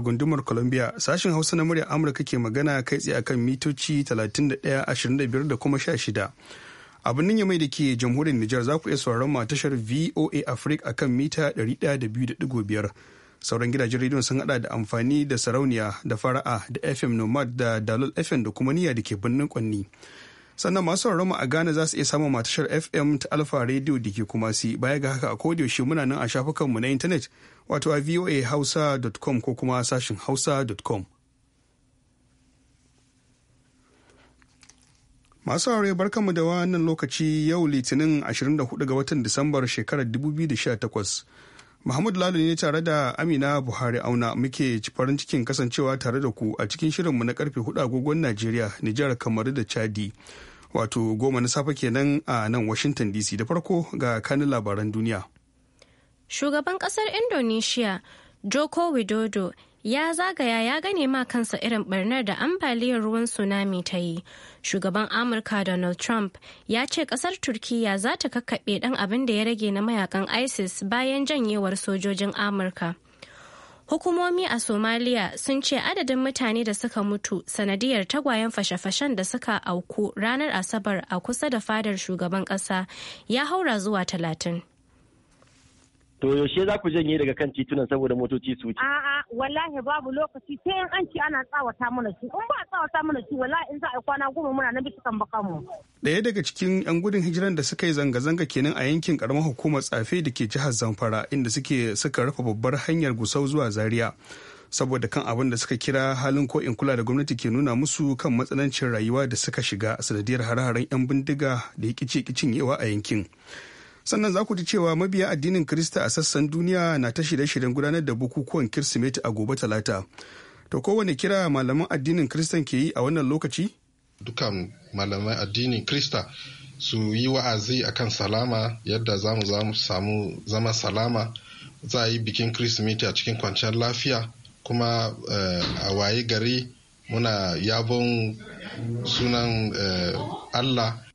gundumar Columbia sashin Hausa na muryar Amurka ke magana kai tsaye akan mitoci 31,25 da kuma 16. a birnin mai da ke jamhuriyar Nijar za ku iya sauraron ma tashar VOA Africa akan mita 102.5 sauran gidajen rediyon sun hada da amfani da sarauniya da fara'a da FM Nomad da Dalol FM da kuma niyya da ke birnin Kwanni. sannan masu mu a Ghana za su iya samun matashar FM ta Alfa Radio da ke kuma si baya ga haka a shi muna nan a shafukanmu na intanet wato a voahausa.com ko kuma sashin hausa.com. Masu aure barkanmu da wannan lokaci yau litinin 24 ga watan Disambar shekarar 2018. Muhammad Lalu ne tare da Amina Buhari Auna muke farin cikin kasancewa tare da ku a cikin shirinmu na karfe hudu agogon Najeriya, Nijar, Kamaru da Chadi. wato goma na safe kenan a nan washington dc da farko ga kanin labaran duniya shugaban kasar indonesia joko widodo ya zagaya ya gane ma kansa irin barnar da ambaliyar ruwan tsunami ta yi shugaban amurka donald trump ya ce kasar turkiya za ta kakkaɓe dan abin da ya rage na mayakan isis bayan janyewar sojojin amurka Hukumomi a Somalia sun ce adadin mutane da suka mutu sanadiyar tagwayen fashe-fashen da suka auku ranar Asabar a kusa da fadar shugaban ƙasa ya haura zuwa talatin. To yaushe za ku janye daga kan titunan saboda motoci su wuce? A'a wallahi babu lokaci sai in an ci ana tsawata mana shi. In ba a tsawata mana shi wallahi in za a kwana goma muna na bisa kan mu. Daya daga cikin 'yan gudun hijiran da suka yi zanga-zanga kenan a yankin karamar hukumar tsafe da ke jihar Zamfara inda suke suka rufe babbar hanyar Gusau zuwa Zaria. Saboda kan abin da suka kira halin ko in kula da gwamnati ke nuna musu kan matsanancin rayuwa da suka shiga sanadiyar hare-haren 'yan bindiga da ya kice kicin yawa a yankin. sannan za ku ji cewa mabiya addinin Kirista a sassan duniya na ta shirye-shiryen gudanar da bukukuwan Kirsimeti a gobe Talata. To kowane kira malaman addinin Kiristan ke yi a wannan lokaci? Dukan malaman addinin Kirista su yi wa'azi akan salama yadda za mu samu zama salama za a yi bikin Kirsimeti a cikin kwanciyar lafiya kuma eh, a waye gari muna yabon sunan eh, Allah.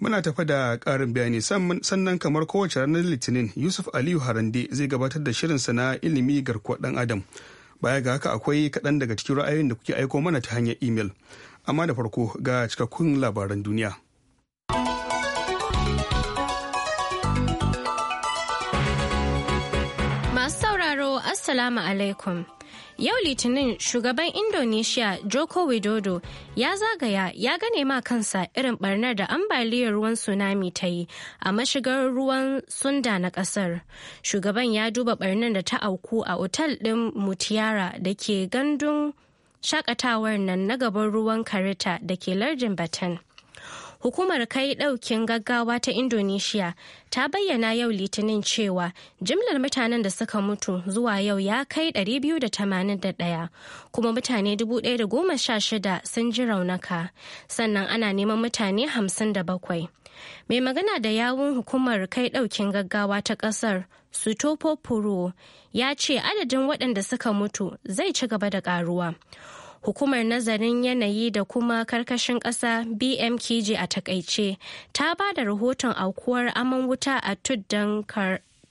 Muna tafa da ƙarin bayani sannan kamar kowace ranar Litinin Yusuf Aliyu Harande zai gabatar da shirinsa na ilimi garkuwa ɗan Adam. Baya ga haka akwai kaɗan daga cikin ra'ayoyin da kuke aiko mana ta hanyar imel. Amma da farko ga cikakkun labaran duniya. Masu sauraro, Assalamu alaikum. Yau Litinin shugaban Indonesia Joko Widodo ya zagaya ya gane ma kansa irin barnar da ambaliyar ruwan tsunami ta yi a mashigar ruwan sunda na kasar. Shugaban ya duba barnar da ta auku a otal ɗin Mutiara da ke gandun shakatawar nan na gaban ruwan karita da ke lardin Batan. Hukumar kai ɗaukin gaggawa ta Indonesia ta bayyana yau Litinin cewa jimlar mutanen da suka mutu zuwa yau ya kai 281 kuma mutane 1,016 sun ji raunaka sannan ana neman mutane 57. Mai magana da yawun hukumar kai ɗaukin gaggawa ta ƙasar Sutopo Puro ya ce adadin waɗanda suka mutu zai ci gaba da ƙaruwa. hukumar nazarin yanayi da kuma karkashin ƙasa bmkg a takaice ta ba da rahoton aukuwar aman wuta a tuddan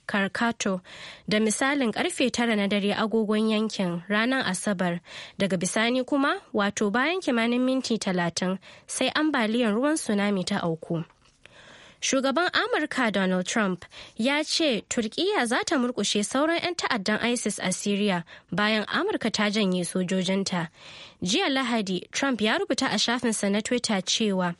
karkato da misalin karfe tara na dare agogon yankin ranar asabar daga bisani kuma wato bayan kimanin minti talatin sai ambaliyar ruwan tsunami ta auku. Shugaban Amurka Donald Trump ya ce Turkiyya za ta murkushe sauran 'yan ta'addan ISIS a Siriya bayan Amurka ta janye sojojinta. Jiya Lahadi, Trump ya rubuta a shafinsa na Twitter cewa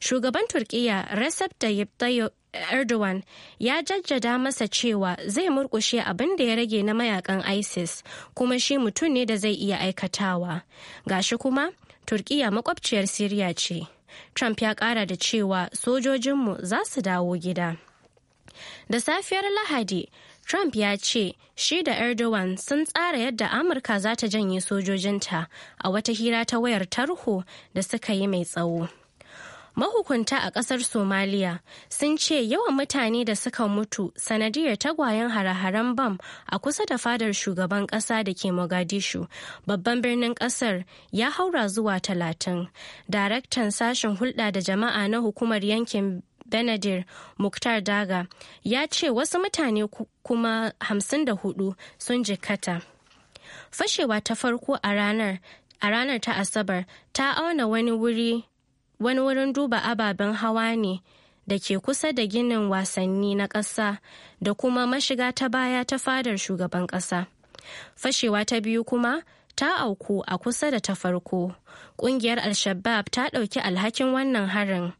Shugaban Turkiyya Recep Tayyip Erdogan ya jajjada masa cewa zai murkushe abin da ya rage na mayakan ISIS kuma shi mutum ne da zai iya aikatawa. Ga shi kuma, Turkiyya makwabciyar Siriya ce. Trump ya ƙara da cewa sojojinmu za su dawo gida. Da safiyar Lahadi, Trump ya ce shi da Erdogan sun tsara yadda Amurka za ta janye sojojinta a wata hira ta wayar tarho da suka yi mai tsawo. Mahukunta a ƙasar Somaliya sun ce yawan mutane da suka mutu sanadiyar tagwayen hare-haren bam a kusa da fadar shugaban ƙasa da ke Mogadishu, babban birnin ƙasar ya haura zuwa talatin. Daraktan sashen hulɗa da jama'a na hukumar yankin Benadir Muktar Daga ya ce wasu mutane kuma hamsin da 54 sun jikkata. Fashewa ta farko a ranar ta Asabar ta auna wani wuri wani wurin duba ababen hawa ne da ke kusa da ginin wasanni na ƙasa da kuma mashiga ta baya ta fadar shugaban ƙasa. Fashewa ta biyu kuma ta auku a kusa da ta farko. Ƙungiyar Al-Shabaab ta ɗauki alhakin wannan harin.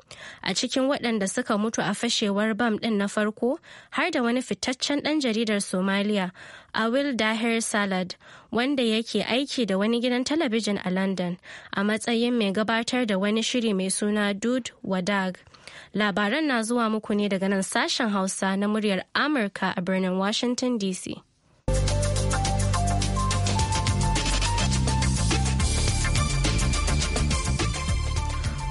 A cikin waɗanda suka mutu a fashewar bam ɗin na farko har da wani fitaccen ɗan jaridar Somalia, Awil Dahir Salad, wanda yake aiki da wani gidan talabijin a London a matsayin mai gabatar da wani shiri mai suna Dud Wadag. Labaran na zuwa muku ne daga nan sashen Hausa na muryar Amurka a birnin Washington DC.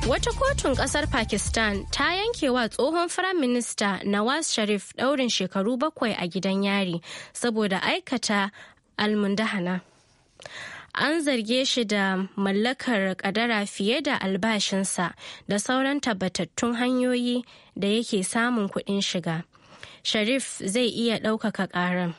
Wata kotun ƙasar Pakistan ta yanke wa tsohon Firaminista Nawaz Sharif ɗaurin shekaru bakwai a gidan yari saboda aikata almundahana. An zarge shi da mallakar kadara fiye da albashinsa da sauran tabbatattun hanyoyi da yake samun kuɗin shiga. Sharif zai iya ɗaukaka ƙaran.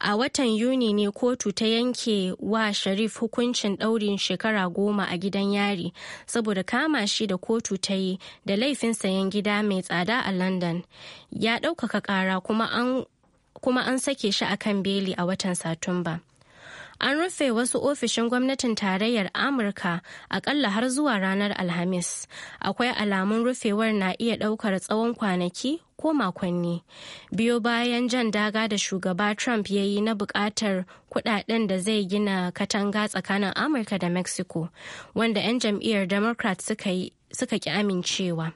A watan Yuni ne kotu ta yanke wa Sharif hukuncin ɗaurin shekara goma a gidan yari saboda kama shi da kotu ta yi da laifin sayan gida mai tsada a London. Ya ɗaukaka ƙara kuma an sake shi a kan beli a watan Satumba. An rufe wasu ofishin gwamnatin tarayyar Amurka akalla har zuwa ranar Alhamis. Akwai alamun rufewar na iya ɗaukar tsawon kwanaki ko makonni. Biyo bayan jan daga da shugaba Trump ya yi na bukatar kudaden da zai gina katanga tsakanin Amurka da Mexico, wanda 'yan jam'iyyar Democrat suka ki amincewa.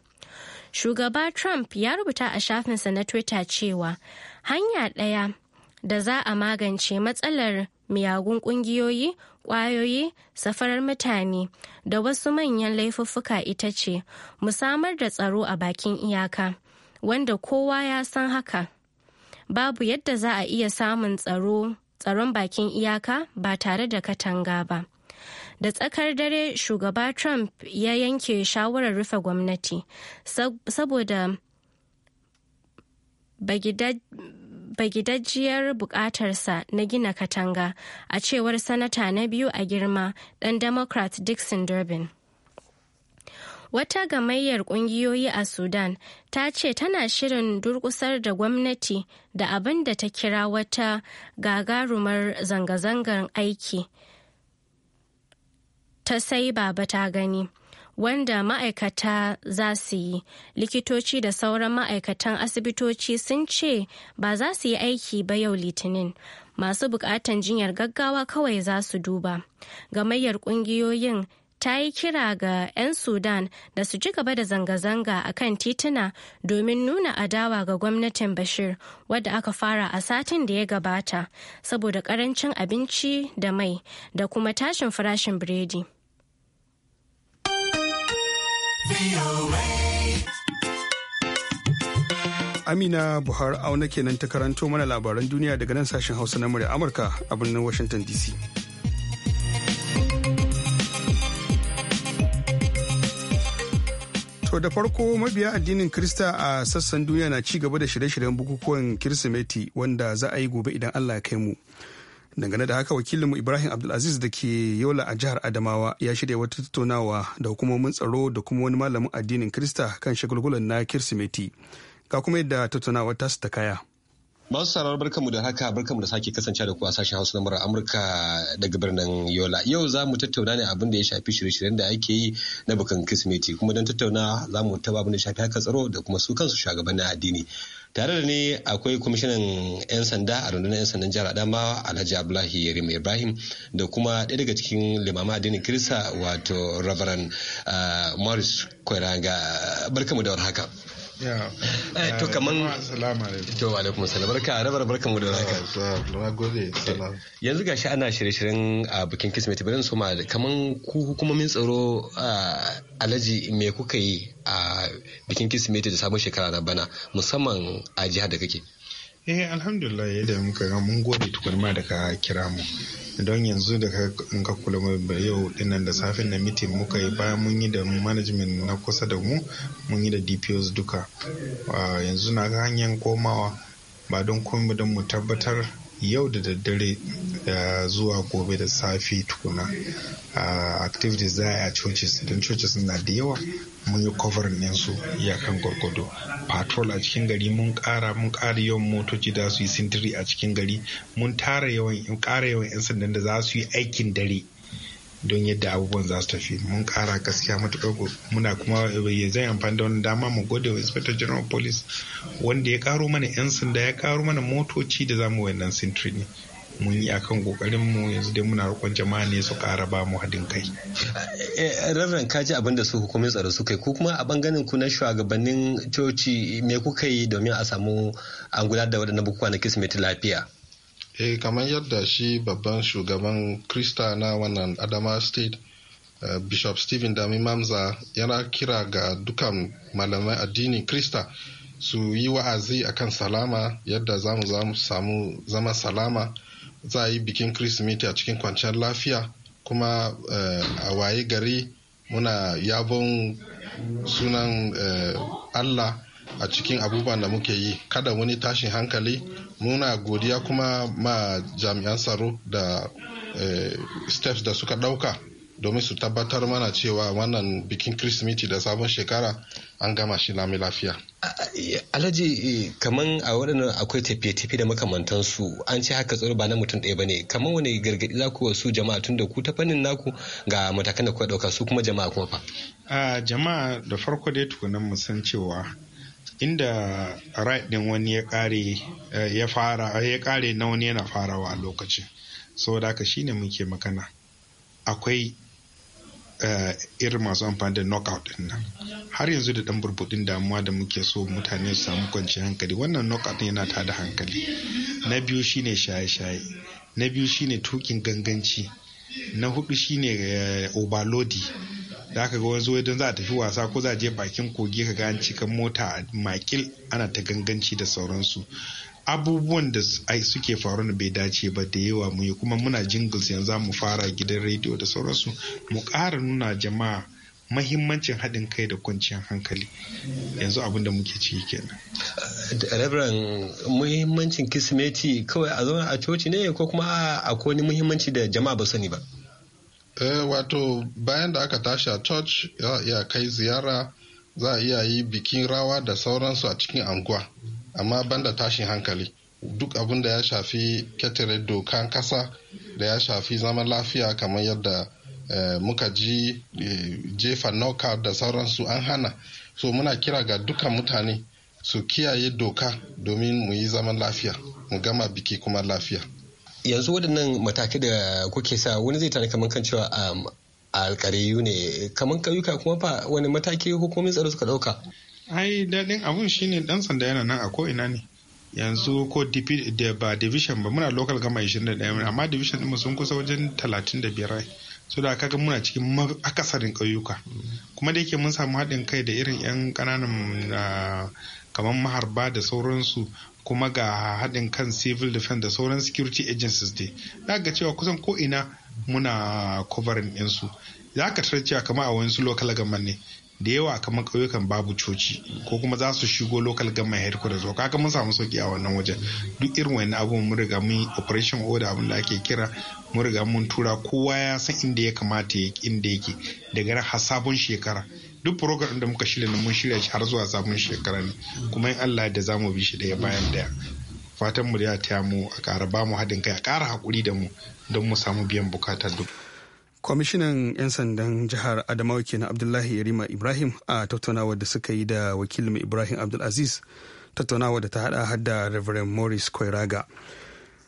Shugaba Trump ya rubuta a shafinsa na Twitter cewa hanya ɗaya da za a magance matsalar miyagun ƙungiyoyi ƙwayoyi safarar mutane da wasu manyan laifuffuka ita ce mu samar da tsaro a bakin iyaka wanda kowa ya san haka babu yadda za a iya samun tsaro tsaron bakin iyaka ba tare da katanga ba da tsakar dare shugaba trump ya yanke shawarar rufe gwamnati saboda bagidad bagidajiyar bukatarsa na gina katanga a cewar sanata na biyu a girma ɗan democrat dixon durbin wata gamayyar ƙungiyoyi a sudan ta ce tana shirin durkusar da gwamnati da abin da ta kira wata gagarumar zanga-zangar aiki ta sai baba ta gani wanda ma'aikata za su yi likitoci da sauran ma'aikatan asibitoci sun ce ba za su yi aiki ba yau litinin masu bukatan jinyar gaggawa kawai za su duba gamayyar kungiyoyin ta yi kira ga 'yan sudan da su ci gaba da zanga-zanga a kan tituna domin nuna adawa ga gwamnatin bashir wadda aka fara a satin da ya gabata saboda karancin abinci da mai da kuma tashin farashin biredi. Amina Buhar auna kenan ta karanto mana labaran duniya daga nan sashen Hausa na murya Amurka a birnin Washington DC. To da farko mabiya addinin Krista a sassan duniya na ci gaba da shirye-shiryen bukukuwan Kirsimeti wanda za a yi gobe idan Allah ya kai mu. dangane da haka wakilinmu ibrahim abdulaziz da ke yola a jihar adamawa ya shirya wata tattaunawa da hukumomin tsaro da kuma wani malamin addinin krista kan shagulgulan na kirsimeti ga kuma yadda ta su ta kaya masu sarar barkamu da haka barkamu da sake kasance da kuwa, sashen hausa na murar amurka daga birnin yola yau za mu tattauna ne abin da ya shafi shirye-shiryen da ake yi na bukan kirsimeti kuma don tattauna za mu taba abin da ya shafi haka tsaro da kuma su kansu shugabannin addini tare da ni akwai kwamishinan 'yan sanda a rundunar 'yan sandan jihar adamawa alhaji abdullahi yerim ibrahim da kuma ɗaya daga cikin limama addinin kirista wato reverend ah, morris kwaranga barkamu da haka Eh, to eh, kaman shi ah, yanzu gashi ana shirye-shiryen a bikin kismet bari su ma kaman ku hukumomin tsaro alaji me kuka yi a bikin kismet da sabon shekara na bana musamman a jihar da kake Eh alhamdulillah yadda muka ga mun gode tukunma da ka kira mu. Don yanzu da in ka kula yau dinnan da safin na mitin muka yi bayan mun yi da management na kusa da mu mun yi da DPOs duka. Ah, yanzu na ga hanyar komawa ba don komai don mu tabbatar yau da daddare eh, zuwa gobe da safe tukuna ah, activities za a yi a churches don churches na da yawa mun yi yansu yakan iyakan gwargwado patrol a cikin gari mun ƙara mun ƙara yawan motoci da su yi sintiri a cikin gari mun tara ƙara yawan 'yan sandan da za su yi aikin dare don yadda abubuwan za su tafi mun kara gaskiya matuƙar muna kuma eh, zai amfani da wani dama mu gode wa inspector general police wanda ya karo mana 'yan sanda ya karo mana motoci da zamu wannan sintiri ne mun yi akan kokarin mu yanzu dai muna roƙon jama'a ne su kara ba mu hadin kai. Eh, eh, Reverend ka ji abin da su hukumin tsaro suka yi ko kuma a bangaren ku na shugabannin coci me kuka yi domin a samu an gudanar da waɗannan bukukuwa na Kirsimeti lafiya? eh kamar yadda shi babban shugaban krista na wannan adama state eh, bishop stephen dami mamza yana kira ga dukan malamai addini krista su yi wa'azi a kan salama yadda za mu samu zama salama za a yi bikin kirsimeti a cikin kwanciyar lafiya kuma eh, a waye gari muna yabon sunan uh, allah a cikin abubuwan da muke yi kada wani tashin hankali muna godiya kuma ma jami'an tsaro da eh, steps da suka dauka domin su tabbatar mana cewa wannan bikin kirismeti da sabon shekara an gama shi lami lafiya. Eh, Alhaji eh, kaman a waɗannan akwai tafiye-tafiye da makamantansu an ce haka tsoro ba na mutum ɗaya ba ne kaman wani gargaɗi za ku wasu jama'a tun da ku ta fannin naku ga matakan da kuka ɗauka su kuma jama'a kuma fa. jama'a da farko dai tukunan mu san cewa inda right din wani ya kare eh, ya fara eh, ya kare na wani yana farawa a lokacin saboda haka shine muke magana akwai eh, irin masu amfani da knockout din nan har yanzu da dan burbudin damuwa da muke so mutane su samu kwanciyar hankali wannan knockout yana tada hankali na biyu shine shaye-shaye na biyu shine tukin ganganci na hudu shine overloading da aka ga wani idan za a tafi wasa ko za a je bakin kogi ka ga an mota makil ana ta ganganci da sauransu abubuwan da suke faru bai dace ba da yawa mu yi kuma muna jingles yanzu za mu fara gidan rediyo da sauransu mu ƙara nuna jama'a mahimmancin haɗin kai da kwanciyar hankali yanzu abin da muke ciki kenan. Reverend muhimmancin kismeti kawai a zauna a coci ne ko kuma a wani muhimmanci da jama'a ba sani ba. Eh, wato bayan da aka tashi a church za iya kai ziyara za a iya yi bikin rawa da sauransu a cikin anguwa amma banda tashin hankali duk abin da ya shafi ketare dokan kasa da ya shafi zaman lafiya kamar yadda eh, muka ji eh, jefa knockout da sauransu an hana so muna kira ga duka mutane su kiyaye doka domin mu yi zaman lafiya mu gama biki kuma lafiya. yanzu waɗannan matakai da kuke sa wani zai tana kamar kan cewa a um, alkariyu ne kamar ƙauyuka kuma fa wani mataki hukumin tsaro suka ɗauka. ai daɗin abun shine ɗan sanda yana nan a ko ina ne yanzu ko ba division ba muna local gama 21 amma division ɗin sun kusa wajen 35 so da kaga muna cikin akasarin ƙauyuka kuma da yake mun samu haɗin kai da irin 'yan ƙananan ah, kamar maharba da sauransu kuma ga haɗin kan civil defense da sauran security agencies dai za ga cewa kusan ko ina muna covering ɗinsu za ka tarar cewa kamar a wasu local government ne da yawa kamar ƙauyukan babu coci ko kuma za su shigo local government headquarters ko kaga mun samu sauki a wannan wajen duk irin wani abubuwan mun riga mun operation order abin da ake kira mun riga mun tura kowa ya san inda ya kamata ya inda yake daga har sabon shekara duk program da muka shirya mun shirya shi har zuwa sabon shekara ne kuma in Allah da zamu bi shi daya bayan daya fatan mu da taya mu a ƙara ba mu haɗin kai a ƙara hakuri da mu don mu samu biyan bukatar duk kwamishinan 'yan sandan jihar adamawa kenan abdullahi yarima ibrahim a tattaunawar da suka yi da wakilin ibrahim abdulaziz tattaunawar da ta hada hada reverend morris koiraga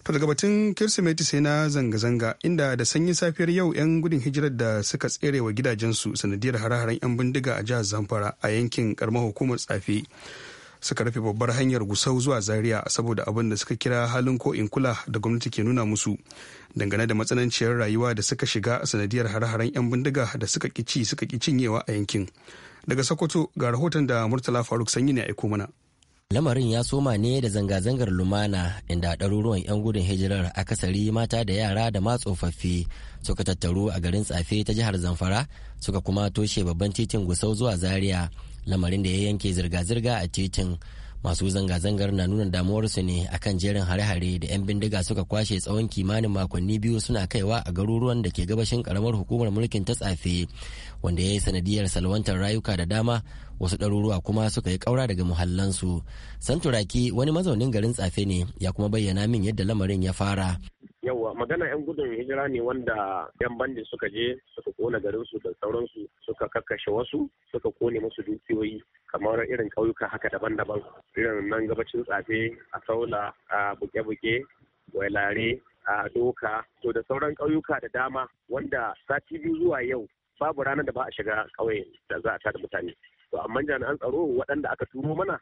To daga batun Kirsimeti sai na zanga-zanga inda da sanyi safiyar yau 'yan gudun hijirar da suka tsere wa gidajensu sanadiyar hare-haren 'yan bindiga a jihar Zamfara a yankin karamar hukumar tsafi suka rufe babbar hanyar gusau zuwa zaria saboda abin da suka kira halin ko in kula da gwamnati ke nuna musu dangane da matsananciyar rayuwa da suka shiga sanadiyar hare-haren 'yan bindiga da suka ƙi ci suka ƙi cinyewa a yankin daga sokoto ga rahoton da murtala faruk sanyi ne aiko mana Lamarin ya soma ne da zanga-zangar lumana inda ɗaruruwan 'yan gudun hijirar akasari mata da yara da ma tsofaffi suka tattaru a garin tsafe ta jihar Zamfara suka kuma toshe babban titin Gusau zuwa Zaria lamarin da ya yanke zirga-zirga a titin. masu zanga-zangar na nuna damuwarsu ne a kan jerin hare-hare da 'yan bindiga suka kwashe tsawon kimanin makonni biyu suna kaiwa a garuruwan da ke gabashin karamar hukumar mulkin ta tsafe wanda ya yi sanadiyar salwantar rayuka da dama wasu ɗaruruwa kuma suka yi ƙaura daga muhallansu santuraki wani mazaunin garin tsafe ne ya kuma bayyana min yadda lamarin ya fara magana yan gudun hijira ne wanda yan bandi suka je suka kona garinsu da sauransu suka kakkashe wasu suka kone musu dukiyoyi kamar irin ƙauyuka haka daban-daban irin nan gabacin tsafe a saula a buke-buke wailare a doka to da sauran ƙauyuka da dama wanda sati biyu zuwa yau babu ranar da ba a shiga ƙauye da za a tada mutane to amma jami'an tsaro waɗanda aka turo mana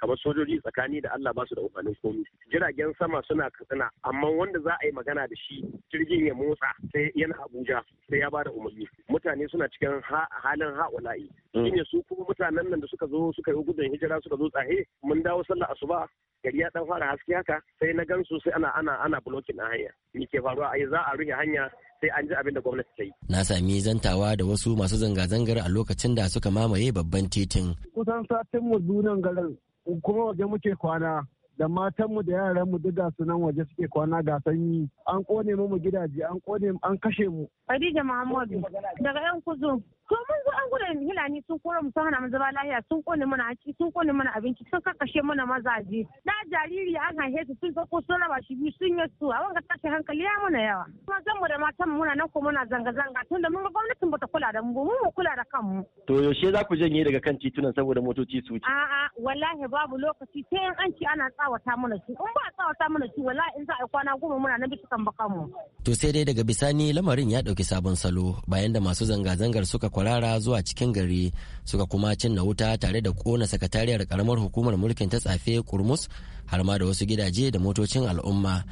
kamar sojoji tsakani da Allah ba su da umarnin komi jiragen sama suna katsina amma wanda za a yi magana da shi jirgin ya motsa sai yana Abuja sai ya bada umarni mutane suna cikin halin ha'ula'i mm. shine su kuma mutanen nan da suka zo suka yi gudun hijira suka zo tsaye. mun dawo sallah asuba gari ya dan fara haske haka sai na gansu sai ana ana ana blocking na hanya me ke faruwa yi za a rufe hanya sai an ji abin da gwamnati ta yi. Na sami zantawa da wasu masu zanga-zangar a lokacin da suka mamaye babban titin. Kusan satin mu dunan garin kuma waje muke kwana da matanmu da yaranmu duk ga sunan waje suke kwana ga sanyi an kone mu gidaje an kone an kashe mu. Khadija Muhammadu daga yan kuzo to mun zo an gudan hilani sun kora mu sun hana mu zama lahiya sun kone mana haƙi sun kone mana abinci sun kakkashe mana mazaje na jariri an haife su sun sako sun raba shi biyu sun yi su a wanga tashi hankali ya mana yawa kuma zan mu da matan muna na ko muna zanga zanga tunda mun ga gwamnatin bata kula da mu mu mu kula da kanmu to yaushe za ku janye daga kan titunan saboda motoci su ci a'a wallahi babu lokaci sai an ci ana tsawata mana shi in ba tsawata mana shi wallahi in za a kwana goma muna na bisa kan bakanmu to sai dai daga bisani lamarin ya dauki sabon salo bayan da masu zanga zangar suka kwarara zuwa cikin gari suka kuma cinna wuta tare da kona sakatariyar karamar hukumar mulkin ta tsafe kurmus har ma da wasu gidaje da motocin al'umma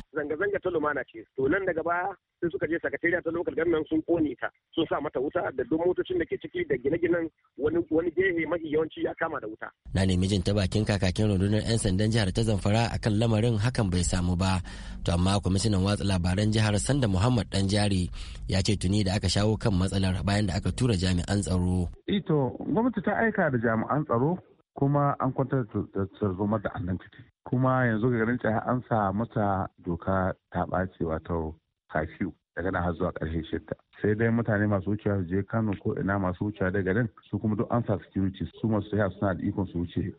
ta lumana ce to nan daga baya sai suka je sakatariya ta lokal gannan sun kone ta sun sa mata wuta da duk motocin da ke ciki da gine-ginen wani wani gehe mafi yawanci ya kama da wuta na nemi jin ta bakin kakakin rundunar yan sandan jihar ta zamfara akan lamarin hakan bai samu ba to amma kwamishinan watsa labaran jihar sanda muhammad dan jari ya ce tuni da aka shawo kan matsalar bayan da aka tura jami'an tsaro ito gwamnati ta aika da jami'an tsaro kuma an kwantar da tarzoma da annan ciki kuma yanzu ga garin jihar an sa mata doka ta ɓace wato kafiyu daga nan har zuwa ƙarshe shidda sai dai mutane masu wucewa su je kano ko ina masu wucewa daga garin su kuma duk an sa security su masu yawa suna da ikon su wuce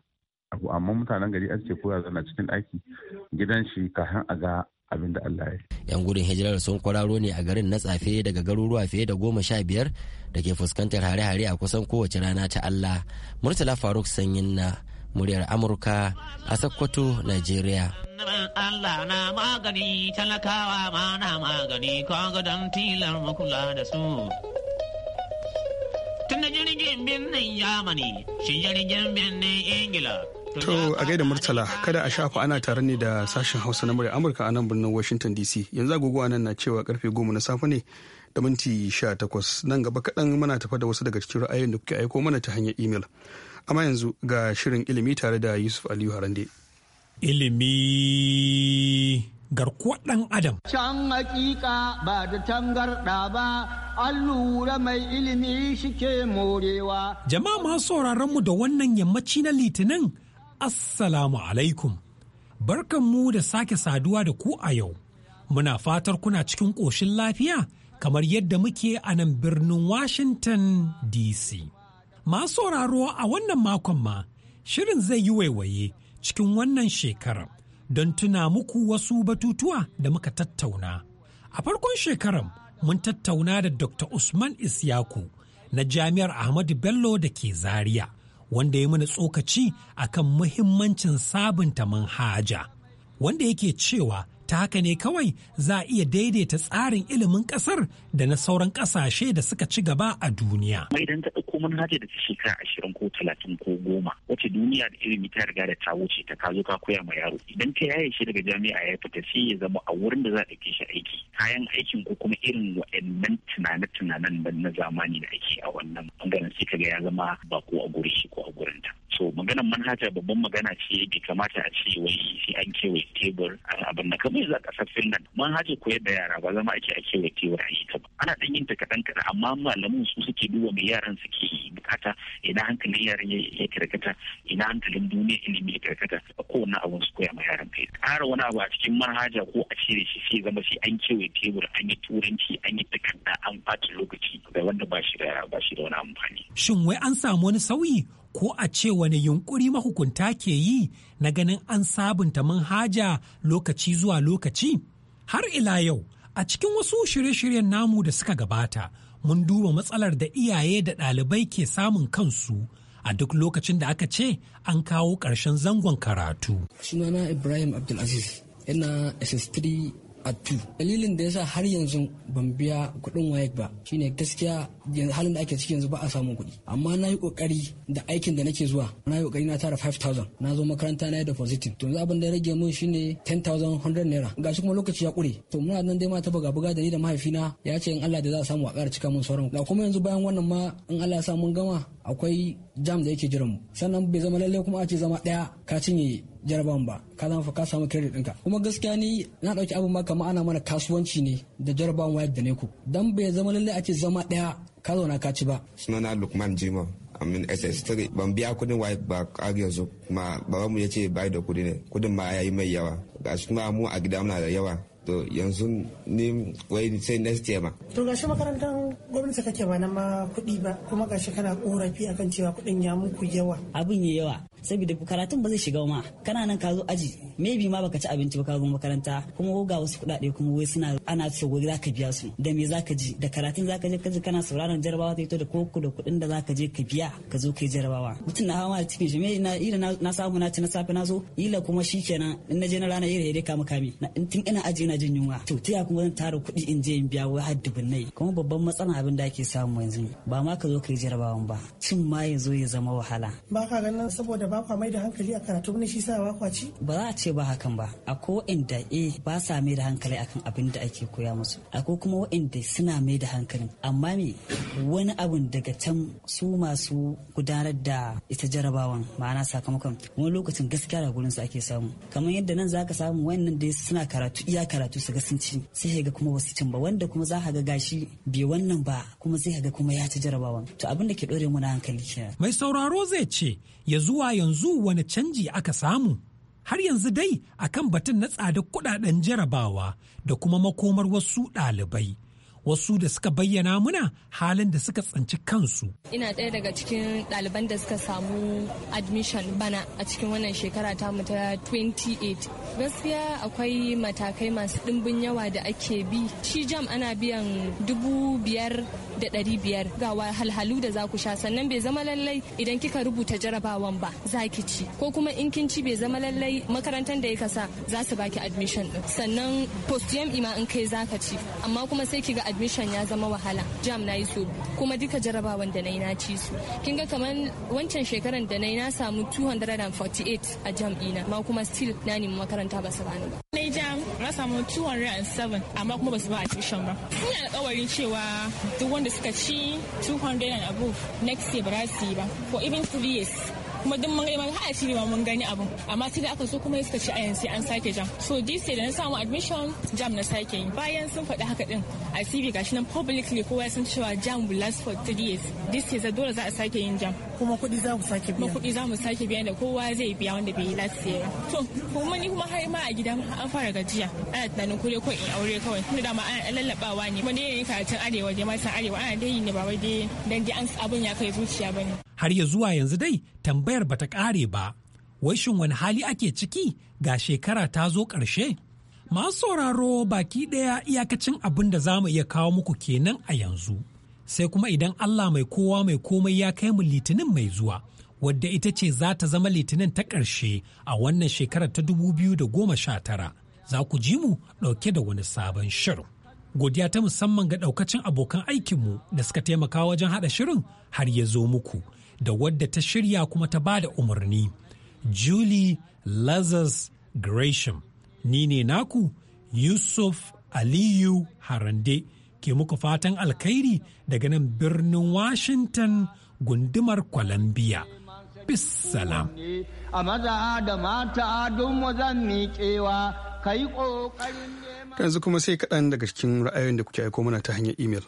abu amma mutanen gari an ce koya zana cikin aiki gidan shi kafin a ga abin da Allah ya Yan gudun hijirar sun kwararo ne a garin na tsafe daga garuruwa fiye da goma sha biyar da ke fuskantar hare-hare a kusan kowace rana ta Allah. Murtala Faruk Sanyin na muryar Amurka a Sokoto, Nigeria. Allah na magani talakawa ma na magani kaga don tilar makula da su. Tun da jirgin birnin Yamani, shi jirgin birnin Ingila. To a gaida Murtala kada a shafa ana tare ne da sashen Hausa na murya Amurka a nan birnin Washington DC. Yanzu agogo nan na cewa karfe goma na safe ne da minti sha nan gaba kaɗan muna tafa da wasu daga cikin ra'ayoyin da kuke aiko mana ta hanyar imel. Amma yanzu ga shirin ilimi tare da Yusuf Aliyu Harande. Ilimi garkuwar ɗan adam. Can hakika ba da tangarɗa ba, an lura mai ilimi shike morewa. Jama'a masu sauraron mu da wannan yammaci na litinin Assalamu alaikum. Barkanmu da sake saduwa da ku a yau. Muna fatar kuna cikin ƙoshin lafiya kamar yadda muke a nan birnin Washington DC. Masu sauraro a wannan makon ma, shirin zai yi waiwaye cikin wannan shekarar don tuna muku wasu batutuwa da muka tattauna. A farkon shekarar mun tattauna da Dr. Usman Isyaku na Jami'ar Ahmadu Bello da ke Zaria. wanda ya mana tsokaci akan muhimmancin sabunta manhaja wanda yake cewa ta haka ne kawai za a iya daidaita tsarin ilimin ƙasar da na sauran ƙasashe da suka ci gaba a duniya. Idan ta ɗauko manhaja da ta shekara ashirin ko talatin ko goma wace duniya da ilimi ta riga da ta wuce ta kazo ka koya ma yaro idan ka yaye shi daga jami'a ya fita sai ya zama a wurin da za a ɗauke shi aiki kayan aikin ko kuma irin waɗannan tunane-tunanen na zamani da ake a wannan bangaren sai kaga ya zama ba ko a guri shi ko a gurin ta. So maganar manhaja babban magana ce bai kamata a ce wai sai an kewaye tebur a abin na kamar yanzu za ƙasar finland manhajar koyar da yara ba zama ake ake wace wurare ta ba ana ɗan yin ta kaɗan kaɗan amma malamin su suke duba mai yaran suke bukata ina hankalin yaran ya karkata ina hankalin duniya ilimi ya karkata a kowane abun su koya ma yaran kai ƙara wani abu a cikin manhaja ko a cire shi sai zama shi an kewaye tebur an yi turanci an yi takarda an ɓata lokaci da wanda ba shi da ba shi da wani amfani. shin wai an samu wani sauyi ko a ce wani yunkuri mahukunta ke yi na ganin an sabunta manhaja lokaci zuwa lokaci? Har ila yau, a cikin wasu shirye-shiryen namu da suka gabata, mun duba matsalar da iyaye da ɗalibai ke samun kansu a duk lokacin da aka ce an kawo ƙarshen zangon karatu. Sunana Ibrahim Abdulaziz, ina SS3 attu dalilin da yasa har yanzu ban biya kuɗin wayek ba shine gaskiya halin da ake ciki yanzu ba a samun kuɗi amma na yi ƙoƙari da aikin da nake zuwa na yi ƙoƙari na tara 5000 na zo makaranta na yi depositin to yanzu abin da ya rage mun shine 10100 naira shi kuma lokaci ya ƙure to muna nan dai ma ta buga buga da ni da mahaifina ya ce in Allah da za a samu a ƙara cika mun sauran ga kuma yanzu bayan wannan ma in Allah ya sa mun gama akwai jam da yake jiran mu sannan bai zama lalle kuma a ce zama ɗaya ka cinye jarabawan ba ka zama fa ka samu credit ɗinka kuma gaskiya ni na ɗauki abin ma kamar ana mana kasuwanci ne da jarabawan wayar da ku dan bai zama lallai a ce zama ɗaya ka zauna ka ci ba sunana lukman jima amin ss3 ban biya kudin wife ba har yanzu kuma babanmu ya ce bai da kudi ne kudin ma ya yi mai yawa ga shi kuma mu a gida muna da yawa to yanzu ni wai sai next year ma. To gashi makarantar gwamnati kake ba na ma kuɗi ba kuma gashi kana korafi akan cewa kuɗin ya muku yawa. Abin ya yawa saboda karatun ba zai shiga ma kana nan ka zo aji maybe ma baka ci abinci ba ka zo makaranta kuma ga wasu kuɗaɗe kuma wai suna ana so wai zaka biya su da me zaka ji da karatun zaka je kaji kana sauraron jarabawa ta to da koko da kudin da zaka je ka biya ka zo kai jarabawa mutum na hawa cikin shi me na ila na samu na ci na safe na zo ila kuma shikenan in na je na rana ira dai kama in tun ina aji na jin yunwa to ta kuma zan tara kudi in je in biya wai har dubunnai kuma babban matsala abin da ake samu yanzu ba ma ka zo kai jarabawan ba cin ma ya zo ya zama wahala ba ka ganin saboda ba kwa mai da hankali a karatu ne shi sa ba kwa ci ba za a ce ba hakan ba a ko inda eh ba sa mai da hankali akan abin da ake koya musu akwai kuma waɗanda suna mai da hankali amma me wani abun daga can su masu gudanar da ita jarabawan ma'ana sakamakon wani lokacin gaskiya da gurin su ake samu kamar yadda nan zaka samu wannan da suna karatu iya karatu su ga sun ci sai ga kuma wasu cin ba wanda kuma za ka ga gashi bai wannan ba kuma sai ga kuma ya ci jarabawan to abin da ke dore mu na hankali kenan mai sauraro zai ce ya zuwa yanzu wani canji aka samu? Har yanzu dai akan batun na tsadar kudaden jarabawa da kuma makomar wasu ɗalibai. wasu da suka bayyana muna halin da suka tsanci kansu. Ina ɗaya daga cikin ɗaliban da suka samu admission bana a cikin wannan shekara ta mu ta 28. Gaskiya akwai matakai masu ɗimbin yawa da ake bi. Shi jam ana biyan dubu biyar da ɗari biyar ga wahalhalu da za ku sha sannan bai zama lallai idan kika rubuta jarabawan ba za ki ci ko kuma in kin ci bai zama lallai makarantar da ya kasa za su baki admission ɗin sannan post e ma ima in kai za ka ci amma kuma sai ki ga admission ya zama wahala jam na yi so kuma duka jarabawan da na yi na ci su kin ga kamar wancan shekaran da na yi na samu 248 a jam ina ma kuma still na nemi makaranta ba su bani ba na jam na samu 207 amma kuma ba su ba admission ba sun yi alkawarin cewa duk wanda suka ci 200 and above next year ba za su yi ba for even three years kuma duk mun ma har a ma mun gani abin amma sai da aka so kuma suka ci a yanzu an sake jam so dc da na samu admission jam na sake yi bayan sun faɗi haka din a cv gashi nan publicly kowa sun cewa jam will last for three years dc za dole za a sake yin jam kuma kuɗi za mu sake biya kuɗi za mu sake biya da kowa zai biya wanda bai yi last year to kuma ni kuma har ma a gidan an fara gajiya ana tunanin kure ko in aure kawai tunda dama ana lallabawa ne kuma dai karatun arewa ma matan arewa ana dai ne ba wai dai dan dai an abun ya kai zuciya bane har ya zuwa yanzu dai tambayar bata kare ba wai shin wani hali ake ciki ga shekara ta zo ƙarshe masu sauraro baki ɗaya iyakacin abin da za mu iya kawo muku kenan a yanzu sai kuma idan allah mai kowa mai komai ya kai mu litinin mai zuwa wadda ita ce za ta zama litinin ta ƙarshe a wannan shekarar ta dubu biyu da goma 2019 za ku ji mu ɗauke da wani sabon shirin. Godiya ta musamman ga ɗaukacin abokan aikinmu da suka taimaka wajen haɗa shirin har ya zo muku da wadda ta shirya kuma ta ba da umarni julie lazarus gresham ni ne naku yusuf aliyu harande ke muku fatan alkhairi daga nan birnin washington gundumar columbia bisalam a maza da mata don wazan miƙewa ƙoƙarin yanzu kuma sai kaɗan daga cikin ra'ayoyin da kuke aiko mana ta hanyar imel.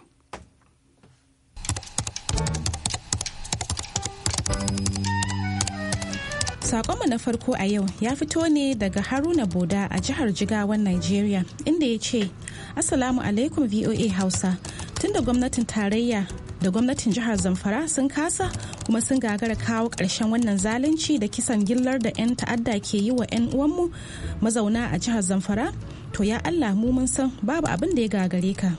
Sakonmu na farko a yau ya fito ne daga Haruna Boda a jihar Jigawan Najeriya inda ya ce, Assalamu alaikum VOA Hausa, tunda gwamnatin tarayya da gwamnatin jihar Zamfara sun kasa kuma sun gagara kawo ƙarshen wannan zalunci da kisan gillar da 'yan ta'adda ke yi wa 'yan uwanmu mazauna a jihar Zamfara, to ya Allah mu mun san babu abin da ya gagare ka.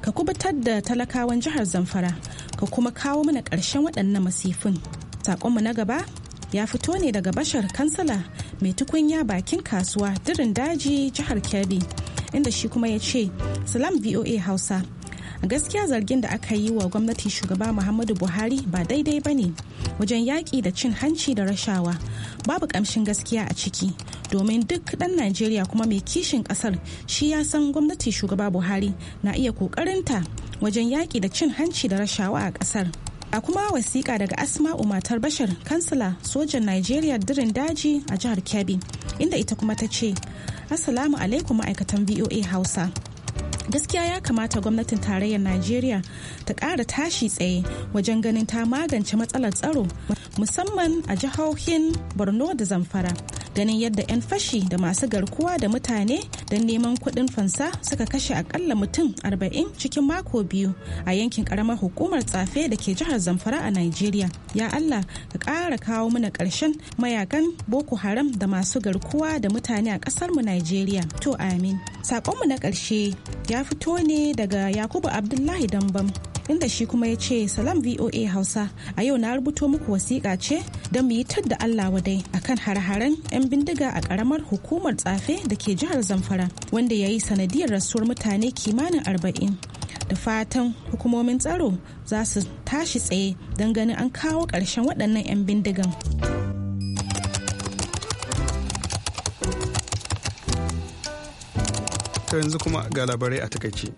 Ka kubutar da talakawan jihar Zamfara, ka kuma kawo mana ƙarshen waɗannan masifin. saƙonmu na gaba ya fito ne daga bashar kansala mai tukunya bakin kasuwa dirin daji jihar kebbi inda shi kuma ya ce salam voa hausa a gaskiya zargin da aka yi wa gwamnati shugaba muhammadu buhari ba daidai ba ne wajen yaƙi da cin hanci da rashawa babu ƙamshin gaskiya a ciki domin duk ɗan najeriya kuma mai kishin ƙasar shi ya san gwamnati shugaba buhari na iya ƙoƙarinta wajen yaƙi da cin hanci da rashawa a ƙasar A kuma wasiƙa daga Asma'u matar Bashir, kansila sojan Najeriya dirin daji a jihar Kebbi, inda ita kuma ta ce, Assalamu alaikum ma'aikatan VOA Hausa. gaskiya ya kamata gwamnatin tarayyar najeriya ta ƙara tashi tsaye wajen ganin ta magance matsalar tsaro musamman a jihohin borno da zamfara ganin yadda 'yan fashi da masu garkuwa da mutane don neman kuɗin fansa suka kashe akalla mutum 40 cikin mako biyu a yankin karamar hukumar tsafe da ke jihar zamfara a nigeria ya allah ka ƙara kawo mana ƙarshen mayakan boko haram da masu garkuwa da mutane a ƙasarmu nigeria to amin saƙonmu na ƙarshe ya fito ne daga yakubu abdullahi dambam inda shi kuma ya ce salam VOA Hausa a yau na rubuto muku wasiƙa ce don mu yi tadda Allah wadai akan har-haren 'yan bindiga a ƙaramar hukumar tsafe da ke jihar Zamfara wanda ya yi sanadiyar rasuwar mutane kimanin arba'in. da fatan hukumomin tsaro za su tashi tsaye don ganin an kawo ƙarshen waɗannan 'yan bindigan. yanzu kuma ga labarai a takaice.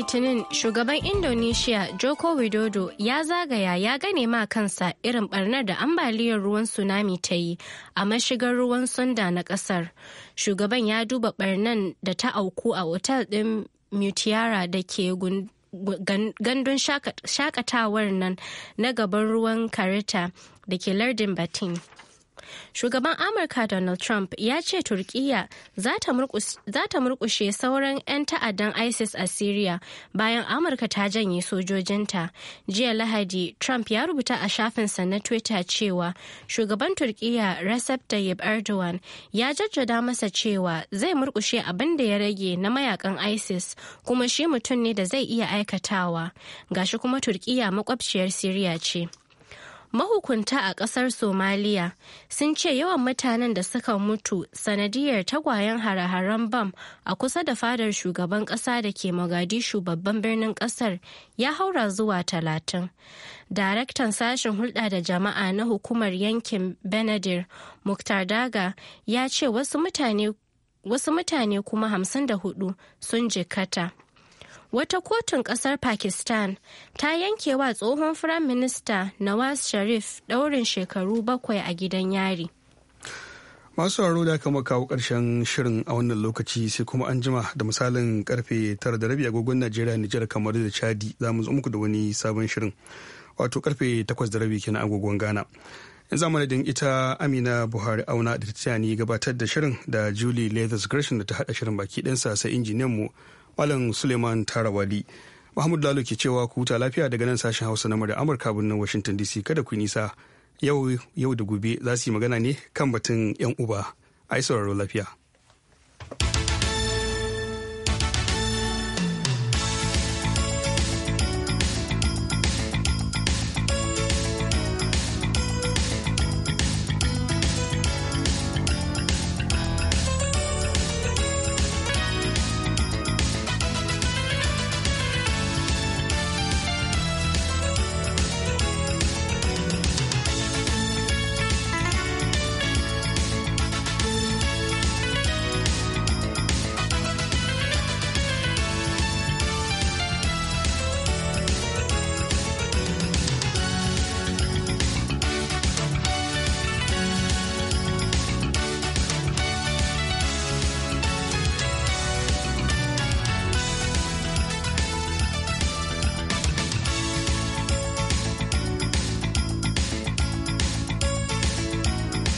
Litinin shugaban Indonesia Joko Widodo ya zagaya ya gane ma kansa irin barnar da ambaliyar ruwan tsunami ta yi a mashigar ruwan sunda na kasar. Shugaban ya duba barnan da ta auku a otal din Mutiara da ke gandun shakatawar nan na gaban ruwan karita da ke lardin Batin. Shugaban Amurka Donald Trump ya ce Turkiyya za ta murkushe sauran 'yan ta'addan ISIS a Siriya bayan Amurka ta janye sojojinta. Jiya Lahadi, Trump ya rubuta a shafinsa na Twitter cewa shugaban Turkiyya Recep Tayyip Erdogan ya jaddada masa cewa zai murkushe abin da ya rage na mayakan ISIS kuma shi mutum ne da zai iya aikatawa. Gashi kuma Turkiyya makwabciyar Siriya ce. mahukunta a ƙasar somaliya sun ce yawan mutanen da suka mutu sanadiyar tagwayen hare-haren bam a kusa da fadar shugaban ƙasa da ke mogadishu babban birnin ƙasar ya haura zuwa talatin daraktan sashen hulɗa da jama'a na hukumar yankin benadir muktar daga ya ce wasu mutane kuma hamsin da 54 sun jikata. Wata kotun ƙasar Pakistan ta yanke wa tsohon Firayim Minista Nawaz Sharif ɗaurin shekaru bakwai a gidan yari. Masu sauraro da aka kawo ƙarshen shirin a wannan lokaci sai kuma an jima da misalin karfe tara da rabi agogon Najeriya Nijar kamar da Chadi za mu zo muku da wani sabon shirin. Wato karfe takwas da rabi kenan agogon Ghana. yanzu manadin ita amina buhari auna da ta gabatar da shirin da julie leathers gresham da ta hada shirin baki ɗansa sai mu. Malam Suleiman Tarawali. Mahmud Lalo ke cewa ku huta lafiya daga nan sashen Hausa na murya Amurka birnin Washington DC kada ku nisa yau da gobe za su yi magana ne kan batun 'yan uba. a yi sauraro lafiya.